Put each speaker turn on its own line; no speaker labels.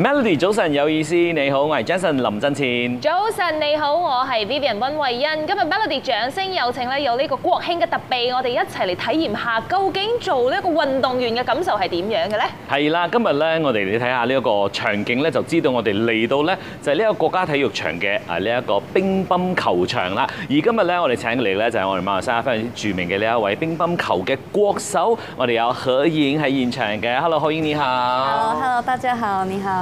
Melody 早晨有意思，你好，我係 Jason 林振前。
早晨你好，我係 Vivian 溫慧欣。今日 Melody 掌聲有請咧，有呢個國慶嘅特備，我哋一齊嚟體驗下究竟做呢個運動員嘅感受係點樣嘅咧？
係啦，今日咧我哋你睇下呢一個場景咧，就知道我哋嚟到咧就係呢一個國家體育場嘅啊呢一個乒乓球場啦。而今日咧我哋請嚟咧就係我哋馬來西亞非常之著名嘅呢一位乒乓球嘅國手，我哋有何盈喺現場嘅。Hello 何盈你好。
Hello Hello 大家好，你好。